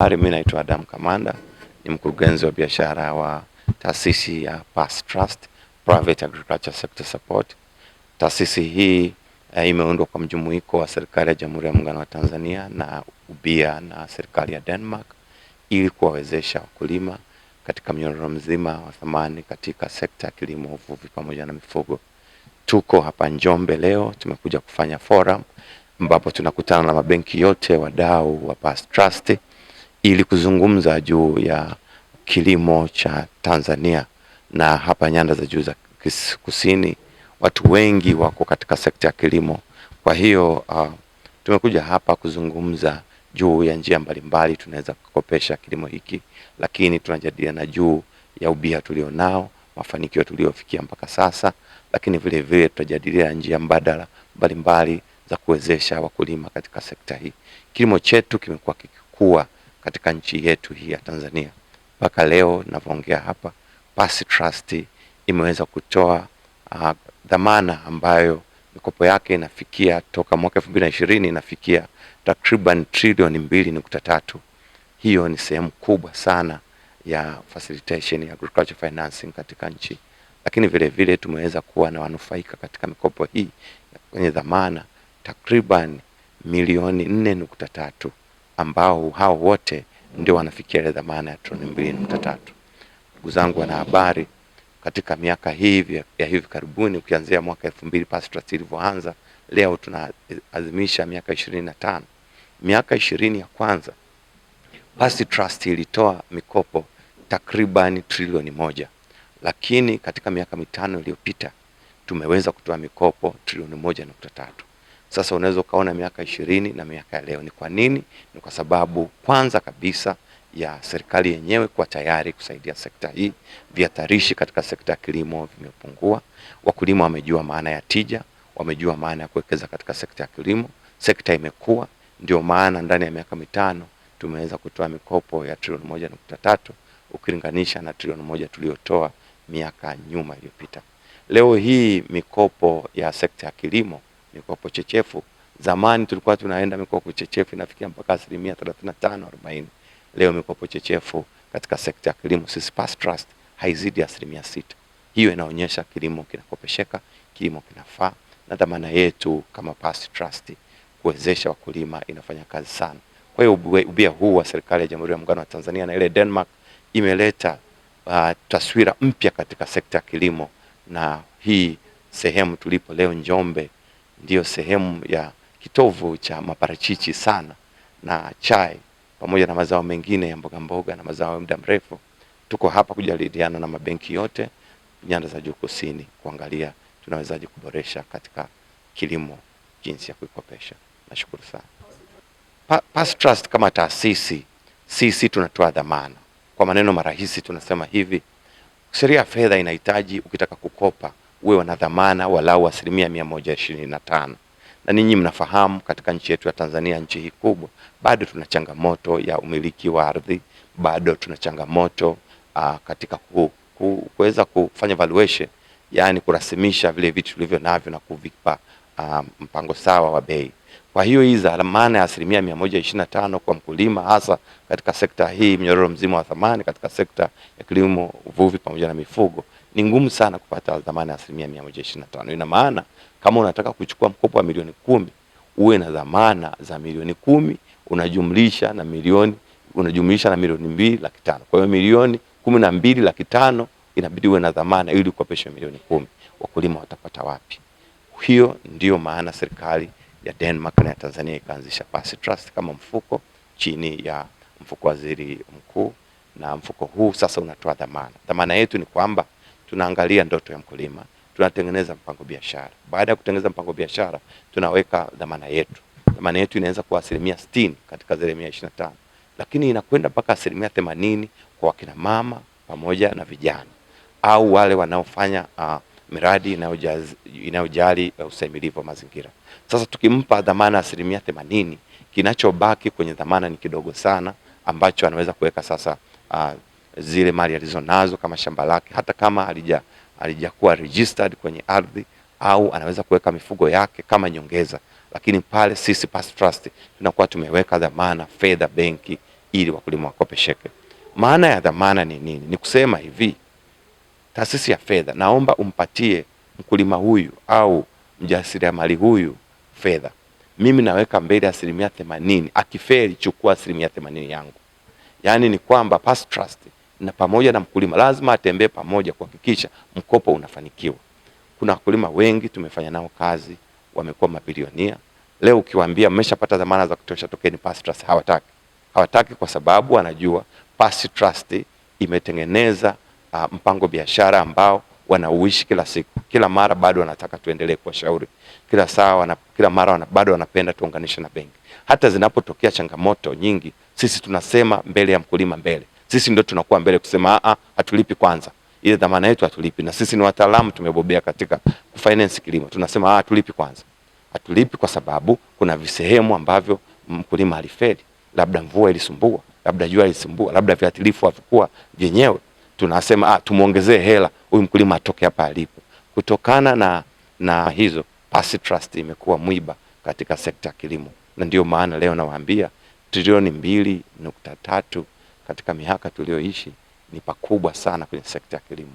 Habari, mimi naitwa Adam Kamanda, ni mkurugenzi wa biashara wa taasisi ya PASS Trust Private Agriculture Sector Support. Taasisi hii e, imeundwa kwa mjumuiko wa serikali ya Jamhuri ya Muungano wa Tanzania na ubia na serikali ya Denmark ili kuwawezesha wakulima katika mnyororo mzima wa thamani katika sekta ya kilimo, uvuvi pamoja na mifugo. Tuko hapa Njombe leo, tumekuja kufanya forum ambapo tunakutana na mabenki yote wadau wa PASS Trust ili kuzungumza juu ya kilimo cha Tanzania na hapa nyanda za juu za kusini watu wengi wako katika sekta ya kilimo. Kwa hiyo uh, tumekuja hapa kuzungumza juu ya njia mbalimbali tunaweza kukopesha kilimo hiki, lakini tunajadiliana juu ya ubia tulionao, mafanikio tuliyofikia mpaka sasa, lakini vile vile tutajadiliana njia mbadala mbalimbali za kuwezesha wakulima katika sekta hii. Kilimo chetu kimekuwa kikikua katika nchi yetu hii ya Tanzania. Mpaka leo ninavyoongea hapa, Pasi Trust imeweza kutoa uh, dhamana ambayo mikopo yake inafikia toka mwaka 2020 inafikia takriban trilioni mbili nukta tatu. Hiyo ni sehemu kubwa sana ya facilitation ya agriculture financing katika nchi, lakini vile vile tumeweza kuwa na wanufaika katika mikopo hii kwenye dhamana takriban milioni nne nukta tatu ambao hao wote ndio wanafikia ile dhamana ya trilioni mbili nukta tatu. Ndugu zangu wanahabari, katika miaka hii ya hivi karibuni ukianzia mwaka elfu mbili PASTRAS ilivyoanza, leo tunaadhimisha miaka ishirini na tano. Miaka ishirini ya kwanza trust ilitoa mikopo takriban trilioni moja, lakini katika miaka mitano iliyopita tumeweza kutoa mikopo trilioni moja nukta tatu. Sasa unaweza ukaona miaka ishirini na miaka ya leo. Ni kwa nini? Ni kwa sababu kwanza kabisa ya serikali yenyewe kuwa tayari kusaidia sekta hii. Vihatarishi katika sekta ya kilimo vimepungua, wakulima wamejua maana ya tija, wamejua maana ya kuwekeza katika sekta ya kilimo, sekta imekuwa. Ndio maana ndani ya miaka mitano tumeweza kutoa mikopo ya trilioni moja nukta tatu ukilinganisha na trilioni moja tuliyotoa miaka nyuma iliyopita. Leo hii mikopo ya sekta ya kilimo mikopo chechefu. Zamani tulikuwa tunaenda mikopo chechefu inafikia mpaka asilimia 35 40. Leo mikopo chechefu katika sekta ya kilimo sisi Pass Trust haizidi asilimia sita. Hiyo inaonyesha kilimo kinakopesheka, kilimo kinafaa, na dhamana yetu kama Pass Trust kuwezesha wakulima inafanya kazi sana. Kwa hiyo ubia huu wa serikali ya Jamhuri ya Muungano wa Tanzania na ile Denmark imeleta uh, taswira mpya katika sekta ya kilimo, na hii sehemu tulipo leo Njombe ndiyo sehemu ya kitovu cha maparachichi sana na chai pamoja na mazao mengine ya mboga mboga na mazao ya muda mrefu. Tuko hapa kujadiliana na mabenki yote nyanda za juu kusini kuangalia tunawezaje kuboresha katika kilimo, jinsi ya kuikopesha. Nashukuru sana pa, Pass Trust kama taasisi, sisi tunatoa dhamana. Kwa maneno marahisi tunasema hivi, sheria ya fedha inahitaji ukitaka kukopa uwe wana dhamana walau asilimia mia moja ishirini na tano na ninyi mnafahamu katika nchi yetu ya Tanzania, nchi hii kubwa, bado tuna changamoto ya umiliki wa ardhi, bado tuna changamoto uh, katika kuweza kufanya valuation, yani kurasimisha vile vitu tulivyo navyo na kuvipa uh, mpango sawa wa bei. Kwa hiyo hii dhamana ya asilimia mia moja ishirini na tano kwa mkulima, hasa katika sekta hii mnyororo mzima wa thamani katika sekta ya kilimo, uvuvi pamoja na mifugo ni ngumu sana kupata dhamana ya asilimia mia moja ishirini na tano. Ina maana kama unataka kuchukua mkopo wa milioni kumi uwe na dhamana za milioni kumi unajumlisha na milioni unajumlisha na milioni mbili laki tano. Kwa hiyo milioni kumi na mbili laki tano inabidi uwe na dhamana ili kukopeshwa milioni kumi. Wakulima watapata wapi? Hiyo ndiyo maana serikali ya Denmark na ya Tanzania ikaanzisha Pass Trust kama mfuko chini ya mfuko waziri mkuu, na mfuko huu sasa unatoa dhamana. Dhamana yetu ni kwamba tunaangalia ndoto ya mkulima, tunatengeneza mpango biashara. Baada ya kutengeneza mpango biashara, tunaweka dhamana yetu. Dhamana yetu inaweza kuwa asilimia sitini katika asilimia ishirini na tano lakini inakwenda mpaka asilimia themanini kwa wakina mama pamoja na vijana au wale wanaofanya uh, miradi inayojali uh, e, usaimilivu wa mazingira. Sasa tukimpa dhamana asilimia themanini, kinachobaki kwenye dhamana ni kidogo sana ambacho anaweza kuweka sasa uh, zile mali alizonazo kama shamba lake, hata kama alija halijakuwa registered kwenye ardhi, au anaweza kuweka mifugo yake kama nyongeza, lakini pale sisi past Trust tunakuwa tumeweka dhamana fedha benki ili wakulima wakopesheke. Maana ya dhamana ni nini? Ni kusema hivi, taasisi ya fedha, naomba umpatie mkulima huyu au mjasiriamali huyu fedha, mimi naweka mbele asilimia themanini, akifeli chukua asilimia themanini yangu. Yaani ni kwamba past Trust na pamoja na mkulima lazima atembee pamoja kuhakikisha mkopo unafanikiwa. Kuna wakulima wengi tumefanya nao kazi, wamekuwa mabilionia. Leo ukiwaambia mmeshapata dhamana za kutosha, tokeni Pass Trust, hawataki. Hawataki kwa sababu wanajua Pass Trust imetengeneza uh, mpango biashara ambao wanauishi kila siku, kila mara bado wanataka tuendelee kuwashauri, kila saa wana, kila mara wana, bado wanapenda tuunganishe na benki. Hata zinapotokea changamoto nyingi, sisi tunasema mbele ya mkulima mbele sisi ndio tunakuwa mbele kusema a, ah, ah, hatulipi kwanza ile dhamana yetu hatulipi, na sisi ni wataalamu, tumebobea katika kufinance kilimo. Tunasema a, ah, hatulipi kwanza, hatulipi kwa sababu kuna visehemu ambavyo mkulima alifeli, labda mvua ilisumbua, labda jua ilisumbua, labda viatilifu havikuwa vyenyewe. Tunasema ah, tumuongezee hela huyu mkulima atoke hapa alipo. Kutokana na, na hizo Past Trust imekuwa mwiba katika sekta ya kilimo, na ndio maana leo nawaambia trilioni mbili nukta tatu katika mihaka tuliyoishi ni pakubwa sana kwenye sekta ya kilimo.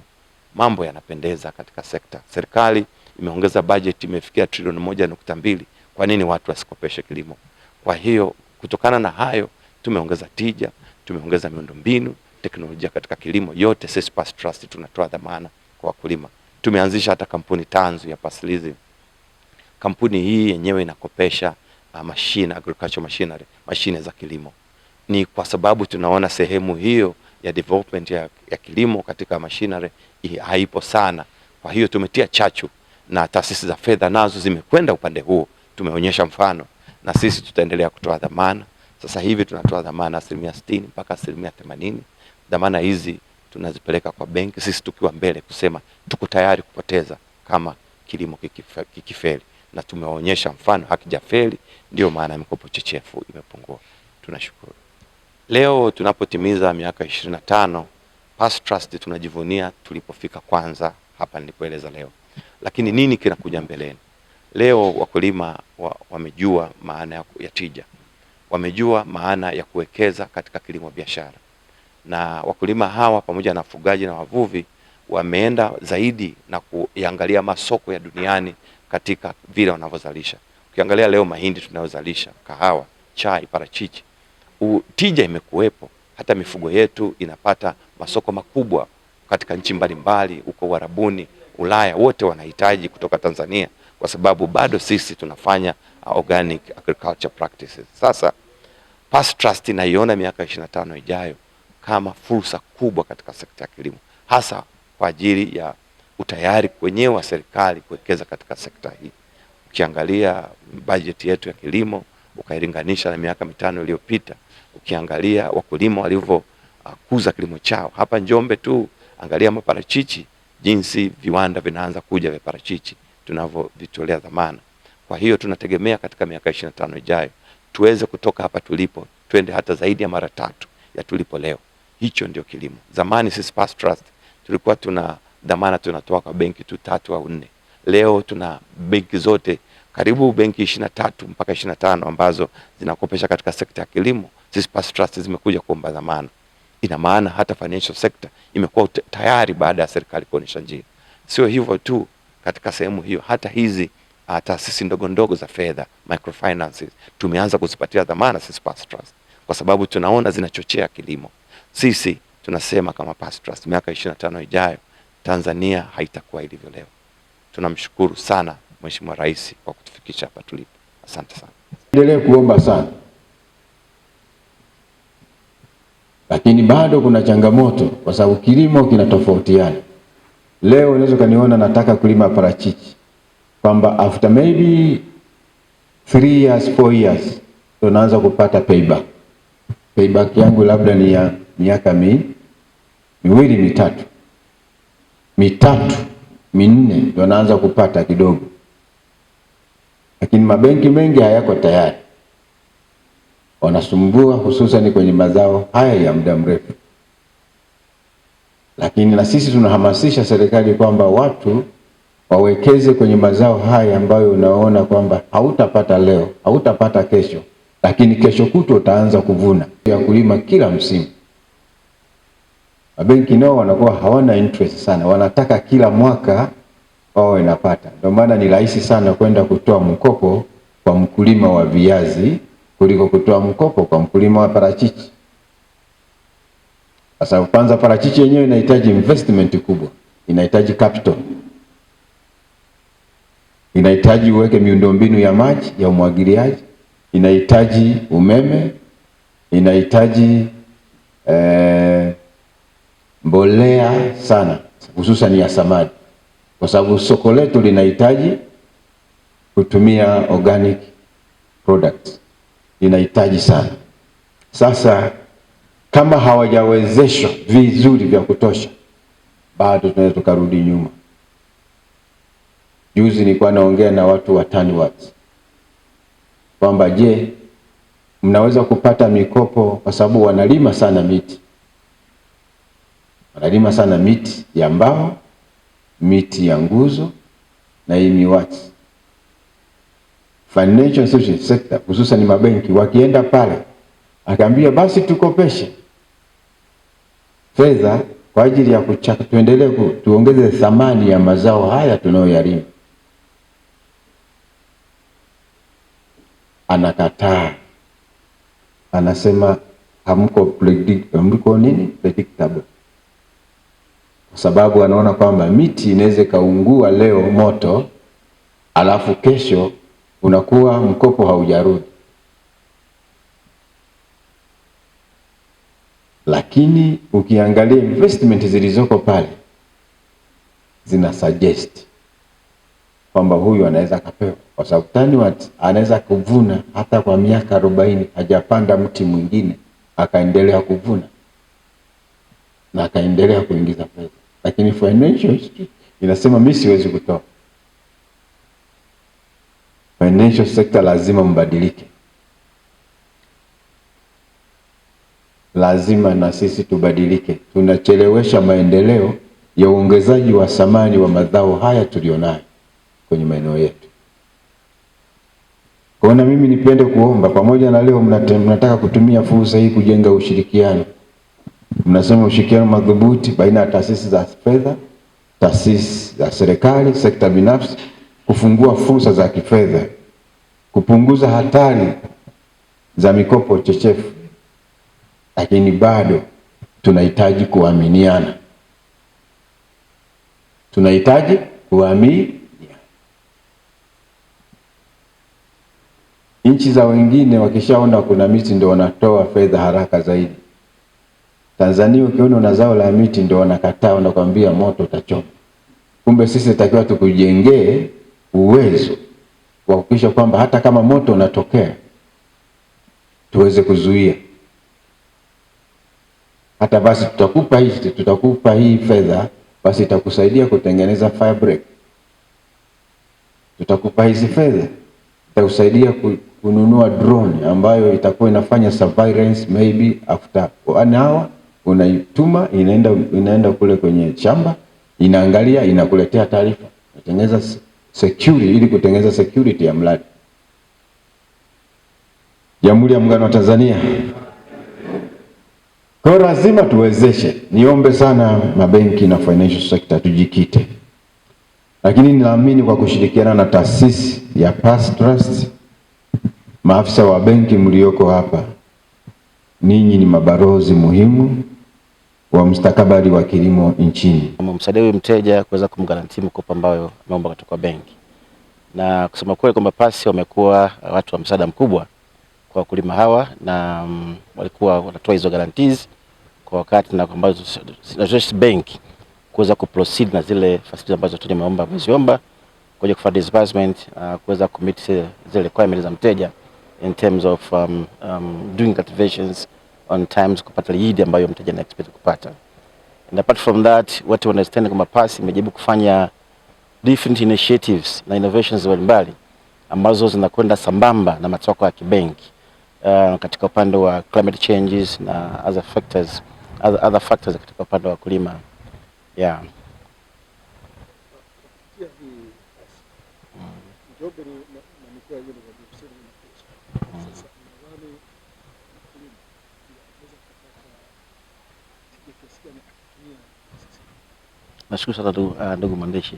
Mambo yanapendeza katika sekta. Serikali imeongeza bajeti, imefikia trilioni moja nukta mbili. Kwa nini watu wasikopeshe kilimo? Kwa hiyo kutokana na hayo tumeongeza tija, tumeongeza miundombinu, teknolojia katika kilimo. Yote sisi Pass Trust tunatoa dhamana kwa wakulima. Tumeanzisha hata kampuni tanzu ya Paslizi. Kampuni hii yenyewe inakopesha uh, ah, mashine agriculture machinery, mashine za kilimo ni kwa sababu tunaona sehemu hiyo ya development ya, ya kilimo katika machinery haipo sana. Kwa hiyo tumetia chachu na taasisi za fedha nazo zimekwenda upande huo, tumeonyesha mfano na sisi tutaendelea kutoa dhamana. Sasa hivi tunatoa dhamana asilimia sitini mpaka asilimia themanini. Dhamana hizi tunazipeleka kwa benki, sisi tukiwa mbele kusema tuko tayari kupoteza kama kilimo kikifeli, na tumewaonyesha mfano hakijafeli. Ndiyo maana mikopo chechefu imepungua. Tunashukuru. Leo tunapotimiza miaka ishirini na tano Past Trust tunajivunia tulipofika kwanza hapa nilipoeleza leo, lakini nini kinakuja mbeleni? Leo wakulima wa, wamejua maana ya tija, wamejua maana ya kuwekeza katika kilimo biashara, na wakulima hawa pamoja na wafugaji na wavuvi wameenda zaidi na kuangalia masoko ya duniani katika vile wanavyozalisha. Ukiangalia leo mahindi tunayozalisha, kahawa, chai, parachichi tija imekuwepo, hata mifugo yetu inapata masoko makubwa katika nchi mbalimbali huko Uarabuni, Ulaya, wote wanahitaji kutoka Tanzania kwa sababu bado sisi tunafanya organic agriculture practices. Sasa Past Trust inaiona miaka 25 ijayo kama fursa kubwa katika sekta ya kilimo, hasa kwa ajili ya utayari wenyewe wa serikali kuwekeza katika sekta hii. Ukiangalia bajeti yetu ya kilimo ukailinganisha na miaka mitano iliyopita Ukiangalia wakulima walivyokuza uh, kilimo chao hapa Njombe tu, angalia maparachichi, jinsi viwanda vinaanza kuja vya parachichi tunavyovitolea dhamana. Kwa hiyo tunategemea katika miaka ishirini na tano ijayo tuweze kutoka hapa tulipo twende hata zaidi ya mara tatu ya tulipo leo. Hicho ndio kilimo. Zamani sisi Past Trust tulikuwa tuna dhamana tunatoa kwa benki tu tatu au nne. Leo tuna benki zote karibu benki ishirini na tatu mpaka ishirini na tano ambazo zinakopesha katika sekta ya kilimo. Sisi past Trust zimekuja kuomba dhamana. Ina maana hata financial sector imekuwa tayari baada ya serikali kuonyesha njia. Sio hivyo tu, katika sehemu hiyo hata hizi uh, taasisi ndogo ndogo za fedha microfinances, tumeanza kuzipatia dhamana sisi past Trust kwa sababu tunaona zinachochea kilimo. Sisi tunasema kama past Trust, miaka 25 ijayo Tanzania haitakuwa ilivyo leo. Tunamshukuru sana Mheshimiwa Rais kwa kutufikisha hapa tulipo. Asante sana, endelee kuomba sana. lakini bado kuna changamoto, kwa sababu kilimo kinatofautiana. Leo unaweza kaniona nataka kulima parachichi, kwamba after maybe 3 years, 4 years ndo naanza kupata payback. Payback yangu labda ni ya miaka mi miwili mitatu mitatu minne ndo naanza kupata kidogo, lakini mabenki mengi hayako tayari wanasumbua, hususan kwenye mazao haya ya muda mrefu. Lakini na sisi tunahamasisha serikali kwamba watu wawekeze kwenye mazao haya ambayo unaona kwamba hautapata leo, hautapata kesho, lakini kesho kutwa utaanza kuvuna ya kulima kila msimu. Mabenki nao wanakuwa hawana interest sana, wanataka kila mwaka wao inapata. Ndio maana ni rahisi sana kwenda kutoa mkopo kwa mkulima wa viazi kuliko kutoa mkopo kwa mkulima wa parachichi. Sasa kwanza, parachichi yenyewe inahitaji investment kubwa, inahitaji capital, inahitaji uweke miundombinu ya maji ya umwagiliaji, inahitaji umeme, inahitaji eh, mbolea sana, hususan ya samadi, kwa sababu soko letu linahitaji kutumia organic products inahitaji sana. Sasa kama hawajawezeshwa vizuri vya kutosha, bado tunaweza tukarudi nyuma. Juzi nilikuwa naongea na watu wa TANWADS kwamba je, mnaweza kupata mikopo kwa sababu wanalima sana miti, wanalima sana miti ya mbao, miti ya nguzo na hii miwati financial institution sector, hususan mabenki wakienda pale, akaambia basi tukopeshe fedha kwa ajili ya kuchaka, tuendelee tuongeze thamani ya mazao haya tunayoyalima. Anakataa, anasema hamko predict, hamko nini predictable, kwa sababu anaona kwamba miti inaweza ikaungua leo moto alafu kesho unakuwa mkopo haujarudi. Lakini ukiangalia investment zilizoko pale zina suggest kwamba huyu anaweza akapewa, kwa sababu wat anaweza kuvuna hata kwa miaka arobaini hajapanda mti mwingine akaendelea kuvuna na akaendelea kuingiza pesa, lakini financial inasema mimi siwezi kutoa financial sector lazima mbadilike, lazima na sisi tubadilike. Tunachelewesha maendeleo ya uongezaji wa thamani wa madhao haya tulionayo kwenye maeneo yetu. Kwa na mimi nipende kuomba pamoja na leo mnate, mnataka kutumia fursa hii kujenga ushirikiano. Mnasema ushirikiano madhubuti baina ya taasisi za fedha, taasisi za serikali, sekta binafsi kufungua fursa za kifedha, kupunguza hatari za mikopo chechefu, lakini bado tunahitaji kuaminiana, tunahitaji kuamini nchi za wengine wakishaona kuna miti ndio wanatoa fedha haraka zaidi. Tanzania ukiona una zao la miti ndio wanakataa, wanakwambia moto utachoma. Kumbe sisi takiwa tukujengee uwezo wa kuhakikisha kwamba hata kama moto unatokea tuweze kuzuia. Hata basi tutakupa hii tutakupa hii fedha, basi itakusaidia kutengeneza fire break. Tutakupa hizi fedha itakusaidia kununua drone ambayo itakuwa inafanya surveillance maybe after one hour, unaituma inaenda, inaenda kule kwenye shamba inaangalia, inakuletea taarifa, natengeneza security ili kutengeneza security ya mradi. Jamhuri ya Muungano wa Tanzania. Kwa hiyo lazima tuwezeshe. Niombe sana mabenki na financial sector tujikite, lakini ninaamini kwa kushirikiana na taasisi ya Pass Trust, maafisa wa benki mlioko hapa, ninyi ni mabalozi muhimu wa mustakabali wa kilimo nchini. Msaada huyu mteja kuweza kumgaranti mkopo ambayo ameomba kutoka benki, na kusema kweli kwamba PASI wamekuwa watu wa msaada mkubwa kwa wakulima hawa, na um, walikuwa wanatoa hizo guarantees kwa wakati na ambazo benki kuweza kuproceed na zile facilities ambazo wateja wameomba kuziomba kuja kufanya disbursement uh, kuweza kumit zile requirements za mteja in terms of um, um, doing activations on times kupata lead ambayo mteja na expect kupata. And apart from that, we understand kwamba PASS imejaribu kufanya different initiatives na innovations mbalimbali ambazo zinakwenda sambamba na matoko ya kibenki uh, katika upande wa climate changes na other factors, other, other factors katika upande wa kulima yeah. Nashukuru sana uh, ndugu mwandishi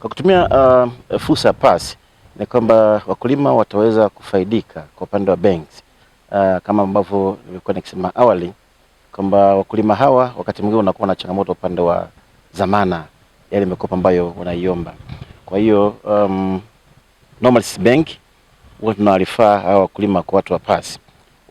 kwa kutumia uh, fursa ya PASS ni kwamba wakulima wataweza kufaidika kwa upande wa banks uh, kama ambavyo nilikuwa nikisema awali kwamba wakulima hawa wakati mwingine unakuwa na changamoto upande wa zamana, yale mikopo ambayo wanaiomba. Kwa hiyo um, Normalis Bank huwa tunawalifaa hawa wakulima kwa watu wa PASS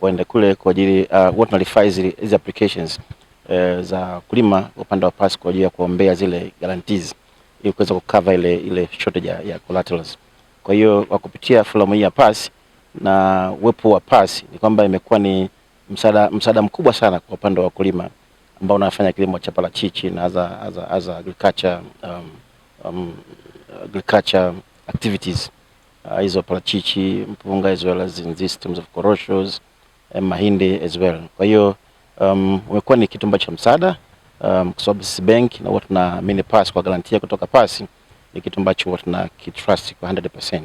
waende kule kwa ajili uh, huwa tunalifaa hizi applications e, za kulima upande wa pasi kwa ajili ya kuombea zile guarantees ili kuweza kukava ile, ile shortage ya, ya collaterals. Kwa hiyo kwa kupitia fulamu hii ya pasi na uwepo wa pasi ni kwamba imekuwa ni msaada, msaada mkubwa sana kwa upande wa wakulima ambao wanafanya kilimo cha parachichi na za agriculture um, um, agriculture activities uh, hizo uh, parachichi, mpunga as well as in these terms of corrosions, eh, mahindi as well. Kwa hiyo um, umekuwa ni kitu ambacho cha msaada um, kwa sababu sisi bank na huwa mini pass kwa garantia kutoka pasi ni kitu ambacho huwa tuna kitrust kwa 100%.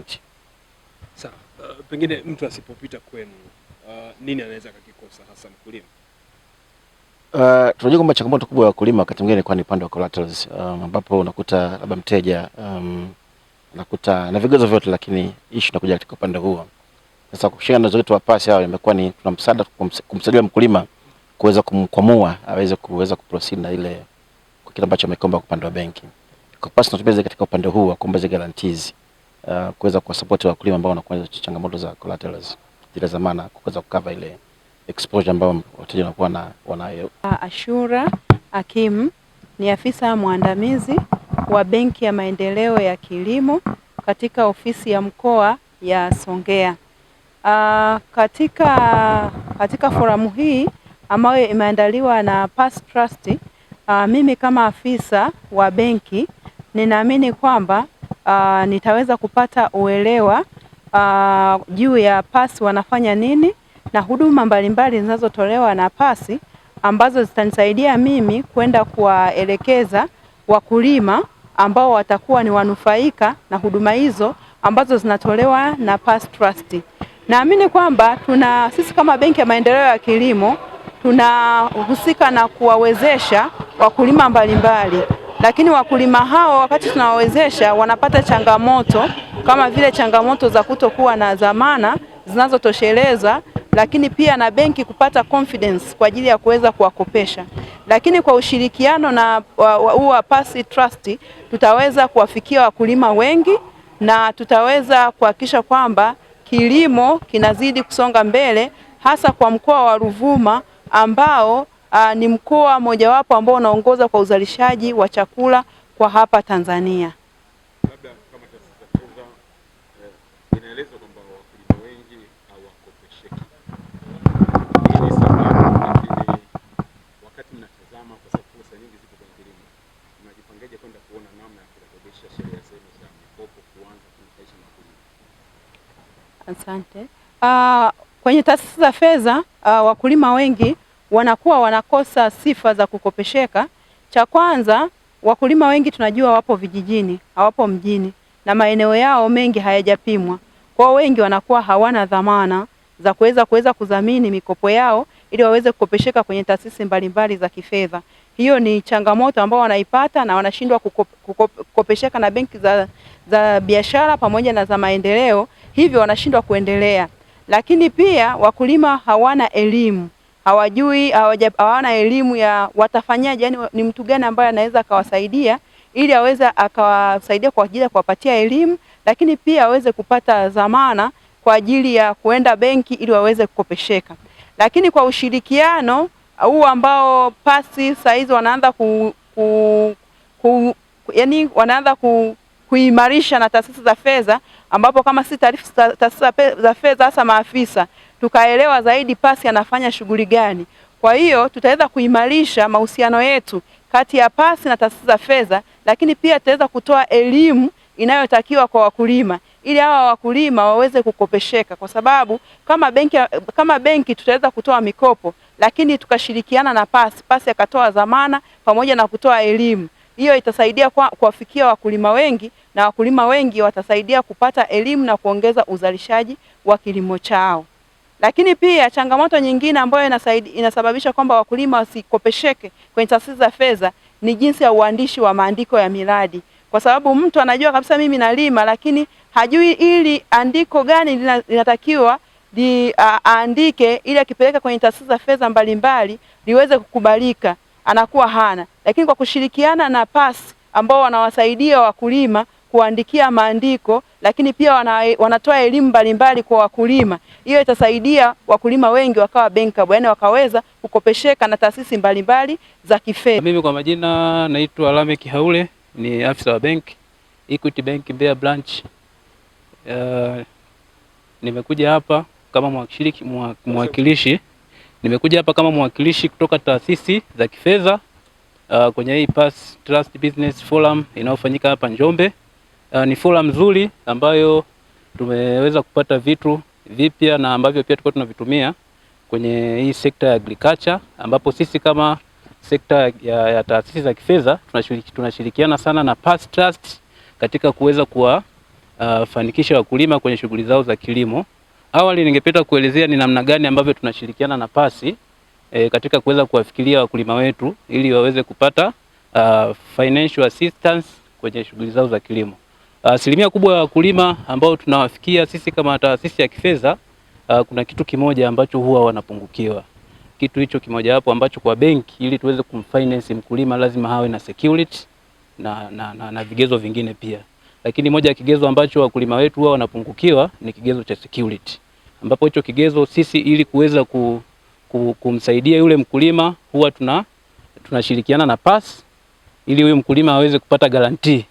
Sawa. Uh, pengine mtu asipopita kwenu uh, nini anaweza akakikosa hasa mkulima? Uh, tunajua kwamba changamoto kubwa ya wakulima wakati mwingine kwa ni upande wa collaterals um, ambapo um, unakuta labda mteja um, unakuta na vigezo vyote, lakini issue inakuja katika upande huo. Sasa kushinda na wenzetu wa pasi hao imekuwa ni tuna msaada kumsaidia mkulima kuweza kumkwamua aweze kuweza kuproceed na ile kwa kile ambacho amekomba kwa upande wa benki. Kwa pasi tunatumia katika upande huu wa kuomba zile guarantees uh, kuweza kwa support wa wakulima ambao wanakuwa na changamoto za collaterals zile zamana kuweza kukava ile exposure ambayo wateja wanakuwa na wanayo. Uh, Ashura Hakim ni afisa mwandamizi wa Benki ya Maendeleo ya Kilimo katika ofisi ya mkoa ya Songea. Uh, katika, katika forum hii ambayo imeandaliwa na Pass Trust. Uh, mimi kama afisa wa benki ninaamini kwamba uh, nitaweza kupata uelewa uh, juu ya Pass wanafanya nini na huduma mbalimbali zinazotolewa na Pass ambazo zitanisaidia mimi kwenda kuwaelekeza wakulima ambao watakuwa ni wanufaika na huduma hizo ambazo zinatolewa na Pass Trust. Naamini kwamba tuna sisi kama Benki ya Maendeleo ya Kilimo tunahusika na kuwawezesha wakulima mbalimbali, lakini wakulima hao wakati tunawawezesha wanapata changamoto kama vile changamoto za kutokuwa na dhamana zinazotosheleza, lakini pia na benki kupata confidence kwa ajili ya kuweza kuwakopesha. Lakini kwa ushirikiano na huu wa Pasi Trust tutaweza kuwafikia wakulima wengi na tutaweza kuhakikisha kwamba kilimo kinazidi kusonga mbele hasa kwa mkoa wa Ruvuma ambao uh, ni mkoa mojawapo ambao unaongoza kwa uzalishaji wa chakula kwa hapa Tanzania. Labda kama eh, inaelezwa kwamba wakulima wengi hawakopesheki. Hii sababu lakini wakati mnatazama kwa sababu fursa nyingi ziko kwenye kilimo. Mnajipangaje kwenda kuona namna ya kurekebisha sheria zenu za mikopo kuanza kunufaisha wakulima? Asante. Uh, Kwenye taasisi za fedha uh, wakulima wengi wanakuwa wanakosa sifa za kukopesheka. Cha kwanza, wakulima wengi tunajua wapo vijijini, hawapo mjini na maeneo yao mengi hayajapimwa. Kwa wengi wanakuwa hawana dhamana za kuweza kuweza kudhamini mikopo yao ili waweze kukopesheka kwenye taasisi mbalimbali za kifedha. Hiyo ni changamoto ambao wanaipata na wanashindwa kukopesheka na benki za, za biashara pamoja na za maendeleo, hivyo wanashindwa kuendelea. Lakini pia wakulima hawana elimu, hawajui, hawana elimu ya watafanyaje, yani ni mtu gani ambaye anaweza akawasaidia ili aweze akawasaidia kwa ajili ya kuwapatia elimu, lakini pia aweze kupata dhamana kwa ajili ya kuenda benki ili waweze kukopesheka. Lakini kwa ushirikiano huu ambao pasi saizi wanaanza ku, ku, ku, yani wanaanza ku, kuimarisha na taasisi za fedha ambapo kama si taarifa za fedha hasa maafisa tukaelewa zaidi pasi anafanya shughuli gani. Kwa hiyo tutaweza kuimarisha mahusiano yetu kati ya pasi na taasisi za fedha, lakini pia tutaweza kutoa elimu inayotakiwa kwa wakulima ili hawa wakulima waweze kukopesheka, kwa sababu kama benki, kama benki tutaweza kutoa mikopo, lakini tukashirikiana na pasi, pasi akatoa dhamana pamoja na kutoa elimu. Hiyo itasaidia kuwafikia wakulima wengi na wakulima wengi watasaidia kupata elimu na kuongeza uzalishaji wa kilimo chao. Lakini pia changamoto nyingine ambayo inasababisha kwamba wakulima wasikopesheke kwenye taasisi za fedha ni jinsi ya uandishi wa maandiko ya miradi, kwa sababu mtu anajua kabisa mimi nalima, lakini hajui ili andiko gani linatakiwa di aandike ili akipeleka kwenye taasisi za fedha mbalimbali liweze kukubalika, anakuwa hana. Lakini kwa kushirikiana na PAS ambao wanawasaidia wakulima kuandikia maandiko, lakini pia wana, wanatoa elimu mbalimbali kwa wakulima. Hiyo itasaidia wakulima wengi wakawa bankable, yani wakaweza kukopesheka na taasisi mbalimbali za kifedha. Mimi kwa majina naitwa Lame kihaule ni afisa wa benki Equity Bank Mbeya branch. Uh, nimekuja hapa kama mwakilishi, mwakilishi nimekuja hapa kama mwakilishi kutoka taasisi za kifedha uh, kwenye hii PASS Trust Business Forum inayofanyika hapa Njombe. Uh, ni fursa nzuri ambayo tumeweza kupata vitu vipya na ambavyo pia tulikuwa tunavitumia kwenye hii sekta ya agriculture, ambapo sisi kama sekta ya, ya taasisi za kifedha tunashirikiana sana na Past Trust katika kuweza kuwafanikisha eh, uh, wakulima kwenye shughuli zao za kilimo. Awali ningependa kuelezea ni namna gani ambavyo tunashirikiana na Pasi e, katika kuweza kuwafikiria wakulima wetu ili waweze kupata uh, financial assistance kwenye shughuli zao za kilimo. Asilimia kubwa ya wakulima ambao tunawafikia sisi kama taasisi ya kifedha, uh, kuna kitu kimoja ambacho huwa wanapungukiwa. Kitu hicho kimoja hapo ambacho kwa benki, ili tuweze kumfinance mkulima lazima hawe na security na, na, na, na vigezo vingine pia, lakini moja ya kigezo ambacho wakulima wetu huwa wanapungukiwa ni kigezo cha security, ambapo hicho kigezo sisi ili kuweza ku, ku, kumsaidia yule mkulima huwa tuna tunashirikiana na PASS ili huyu mkulima aweze kupata garantii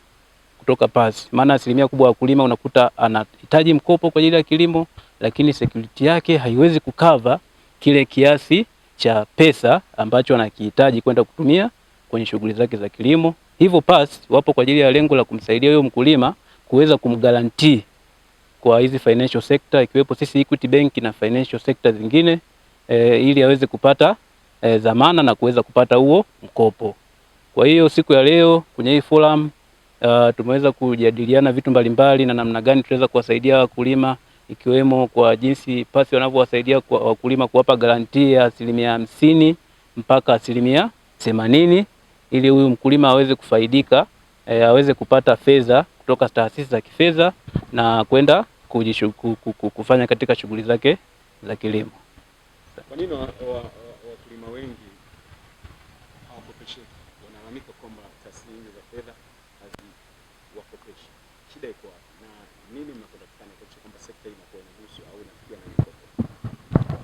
kutoka pasi, maana asilimia kubwa ya wakulima unakuta anahitaji mkopo kwa ajili ya kilimo, lakini security yake haiwezi kukava kile kiasi cha pesa ambacho anakihitaji kwenda kutumia kwenye shughuli zake za kilimo. Hivyo pasi wapo kwa ajili ya lengo la kumsaidia huyo mkulima kuweza kumgaranti kwa hizi financial sector ikiwepo sisi Equity Bank na financial sector zingine e, ili aweze kupata e, eh, zamana na kuweza kupata huo mkopo. Kwa hiyo siku ya leo kwenye hii forum Uh, tumeweza kujadiliana vitu mbalimbali na namna gani tunaweza kuwasaidia wakulima ikiwemo kwa jinsi pasi wanavyowasaidia wakulima kuwapa garanti ya asilimia hamsini mpaka asilimia themanini ili huyu mkulima aweze kufaidika e, aweze kupata fedha kutoka taasisi za kifedha na kwenda kufanya katika shughuli zake za kilimo. Kwa nini wakulima wengi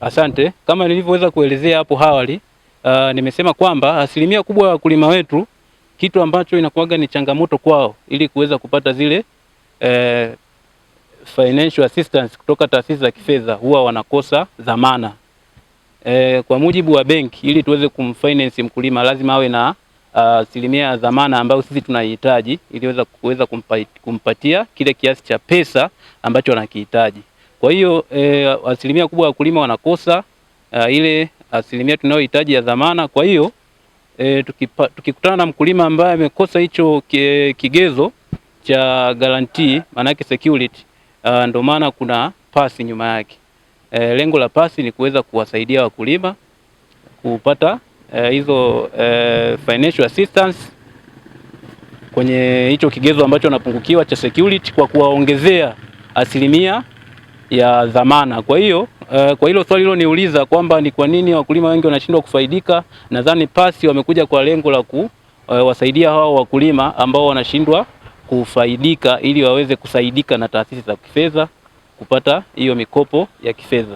Asante. Kama nilivyoweza kuelezea hapo awali, uh, nimesema kwamba asilimia kubwa ya wakulima wetu kitu ambacho inakuwaga ni changamoto kwao ili kuweza kupata zile eh, financial assistance kutoka taasisi za kifedha huwa wanakosa dhamana. Eh, kwa mujibu wa benki ili tuweze kumfinance mkulima lazima awe na uh, asilimia uh, ya dhamana ambayo sisi tunaihitaji ili kuweza kumpatia kile kiasi cha pesa ambacho anakihitaji. Kwa hiyo e, asilimia kubwa ya wakulima wanakosa a, eh, ile asilimia tunayohitaji ya dhamana. Kwa hiyo e, tukipa, tukikutana na mkulima ambaye amekosa hicho kigezo cha guarantee maana yake security, ah, ndio maana kuna pasi nyuma yake. E, lengo la pasi ni kuweza kuwasaidia wakulima kupata e, hizo e, financial assistance kwenye hicho kigezo ambacho wanapungukiwa cha security kwa kuwaongezea asilimia ya dhamana. Kwa hiyo uh, kwa hilo swali liloniuliza kwamba ni kwa nini wakulima wengi wanashindwa kufaidika, nadhani PASI wamekuja kwa lengo la kuwasaidia eh, uh, hao wakulima ambao wanashindwa kufaidika ili waweze kusaidika na taasisi za kifedha kupata hiyo mikopo ya kifedha.